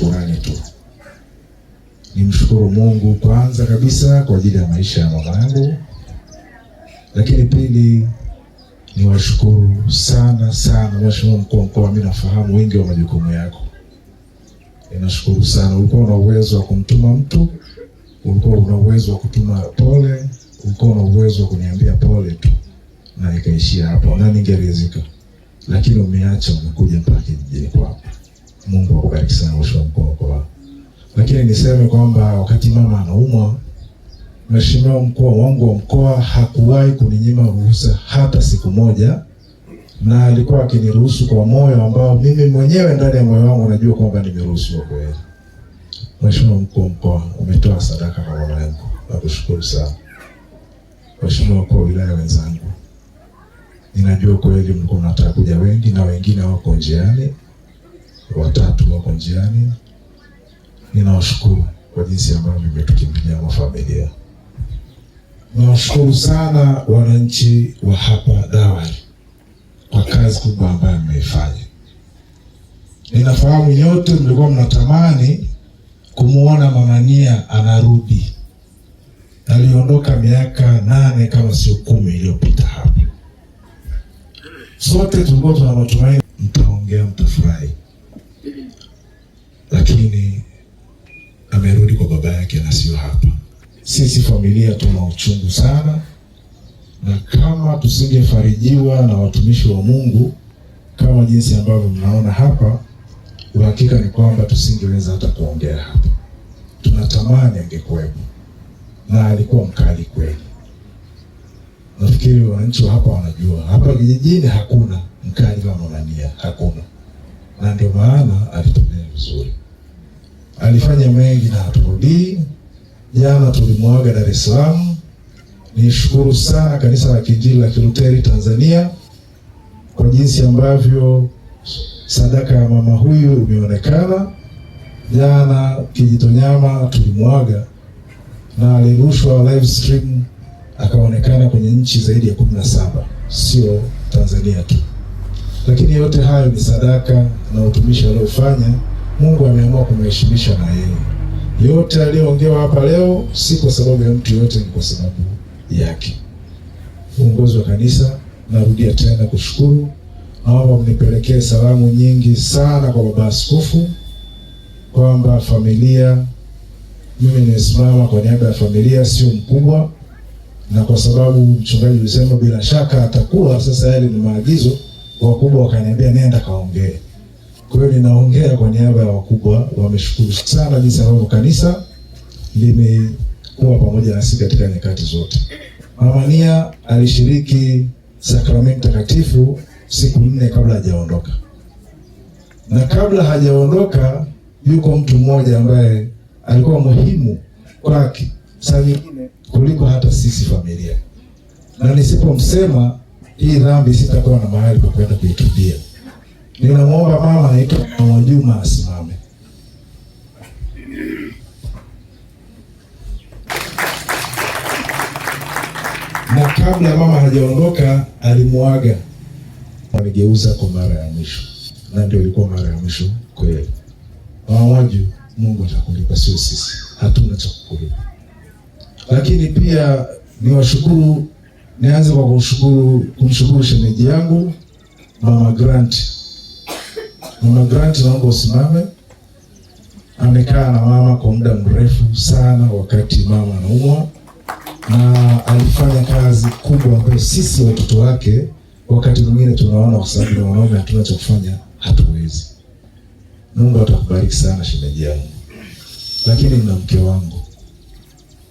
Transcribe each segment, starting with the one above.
shukurani tu. Nimshukuru Mungu kwanza kabisa kwa ajili ya maisha ya mama yangu, lakini pili niwashukuru sana sana Mheshimiwa mkuu wa mkoa, mimi nafahamu wa majukumu yako. Ninashukuru sana, ulikuwa una uwezo wa kumtuma mtu, ulikuwa una uwezo wa kutuma pole, ulikuwa una uwezo wa kuniambia pole tu na ikaishia hapo, na ningeridhika, lakini umeacha umekuja mpaka kijijini kwako. Mungu akubariki sana mheshimiwa mkuu wa mkoa. Lakini niseme kwamba wakati mama anaumwa, mheshimiwa mkuu wangu wa mkoa hakuwahi kuninyima ruhusa hata siku moja, na alikuwa akiniruhusu kwa moyo ambao mimi mwenyewe ndani ya moyo wangu najua kwamba nimeruhusiwa kweli. Mheshimiwa mkuu wa mkoa, umetoa sadaka kwa mama yangu, nakushukuru sana. Mheshimiwa mkuu wa wilaya wenzangu, ninajua kweli mlikuwa mnataka kuja wengi na wengine wako njiani njiani. Ninawashukuru kwa jinsi ambavyo mmetukimbilia kwa familia. Nawashukuru sana wananchi wa hapa Dawari kwa kazi kubwa ambayo mmeifanya. Ninafahamu nyote mlikuwa mnatamani kumuona Mama Nia anarudi. Aliondoka miaka nane kama sio kumi iliyopita hapa. Sote tulikuwa tuna matumaini mtaongea, mtafurahi lakini amerudi kwa baba yake na sio hapa. Sisi familia tuna uchungu sana, na kama tusingefarijiwa na watumishi wa Mungu kama jinsi ambavyo mnaona hapa, uhakika ni kwamba tusingeweza hata kuongea hapa. Tunatamani angekuwepo na alikuwa mkali kweli. Nafikiri wananchi wa hapa wanajua, hapa kijijini hakuna mkali kama Anania, hakuna, na ndio maana alitumia vizuri alifanya mengi na haturudii. Jana tulimwaga Dar es Salaam. Nishukuru sana kanisa la kijili la Kiluteri Tanzania kwa jinsi ambavyo sadaka ya mama huyu imeonekana. Jana Kijitonyama tulimwaga na alirushwa live stream akaonekana kwenye nchi zaidi ya kumi na saba, sio Tanzania tu. Lakini yote hayo ni sadaka na utumishi aliofanya. Mungu ameamua kumheshimisha na yeye. Yote aliyoongewa hapa leo si kwa sababu ya mtu yoyote, ni kwa sababu yake. Uongozi wa kanisa, narudia tena kushukuru. Naomba mnipelekee salamu nyingi sana kwa baba askofu kwamba familia, mimi nimesimama kwa niaba ya familia, sio mkubwa, na kwa sababu mchungaji alisema bila shaka atakuwa sasa, yale ni maagizo, wakubwa wakaniambia nenda kaongee kwa hiyo ninaongea kwa niaba ya wakubwa, wameshukuru sana jinsi ambavyo kanisa limekuwa pamoja nasi katika nyakati zote. Mama Nia alishiriki sakramenti takatifu siku nne kabla hajaondoka, na kabla hajaondoka yuko mtu mmoja ambaye alikuwa muhimu kwake saa nyingine kuliko hata sisi familia, na nisipomsema hii dhambi sitakuwa na mahali pa kwenda kuitubia. Ninamwomba mama anaitwa Mama Juma asimame. Na kabla mama hajaondoka alimuaga, amegeuza kwa mara ya mwisho, na ndio ilikuwa mara ya mwisho kweli. Mawaju, Mungu atakulipa, sio sisi, hatuna cha kukulipa. Lakini pia niwashukuru, nianze kwa kumshukuru, kumshukuru shemeji yangu Mama Grant Mama Grant, naomba usimame. Amekaa na mama kwa muda mrefu sana, wakati mama anaumwa, na alifanya kazi kubwa ambayo sisi watoto wake wakati mwingine tunaona kwa sababu ni wanaume, hatuna cha kufanya, hatuwezi. Mungu atakubariki sana shemeji yangu, lakini na mke wangu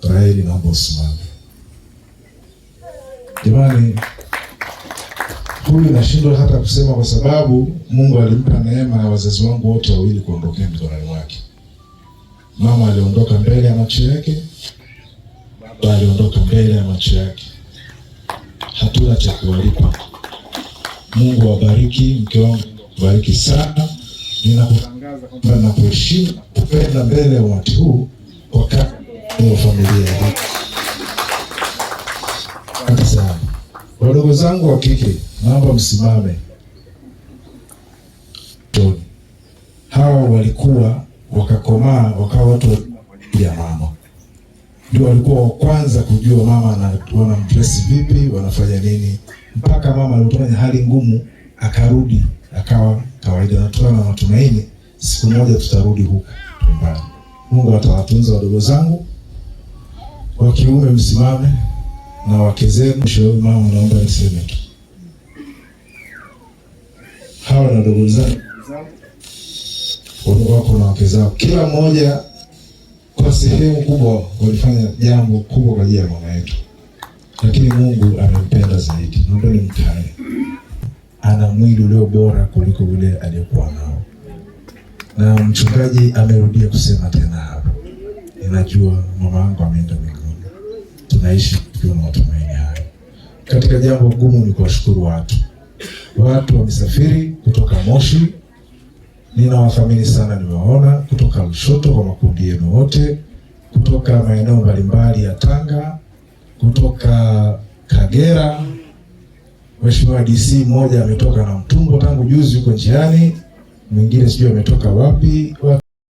Raheli, naomba usimame jamani. Huyu nashindwa hata kusema kwa sababu Mungu alimpa neema ya wazazi wangu wote wawili kuondokea mikononi mwake. Mama aliondoka mbele ya macho yake, baba aliondoka mbele ya macho yake. Hatuna cha kuwalipa. Mungu awabariki, mke wangu awabariki sana. Ninakutangaza kwamba nakuheshimu, kupenda mbele ya watu huu kwa kaa ya familia yako. Wadogo zangu wa kike, naomba msimame. Toni hawa walikuwa wakakomaa, wakawa watu ya mama, ndio walikuwa wa kwanza kujua mama wanamdress vipi, wanafanya nini, mpaka mama alipofanya hali ngumu akarudi akawa kawaida. Natuwa na matumaini siku moja tutarudi huko nyumbani. Mungu atawatunza wadogo zangu wa kiume, msimame na wake zenu. Shauri mama, naomba niseme tu, hawa na ndugu zangu wako na wake zao, kila mmoja kwa sehemu kubwa walifanya jambo kubwa kwa ajili ya mama yetu, lakini Mungu amempenda zaidi. Naomba nimtaje, ana mwili ulio bora kuliko ule aliyokuwa nao, na mchungaji amerudia kusema tena hapo ninajua mama wangu ameenda tunaishi tukiwa na matumaini hayo. Katika jambo gumu ni kuwashukuru watu. Watu wamesafiri kutoka Moshi, ninawathamini sana, nimewaona kutoka Lushoto kwa makundi yenu wote, kutoka maeneo mbalimbali ya Tanga, kutoka Kagera. Mheshimiwa DC mmoja ametoka na mtumbo tangu juzi, yuko njiani, mwingine sijui ametoka wapi, wapi.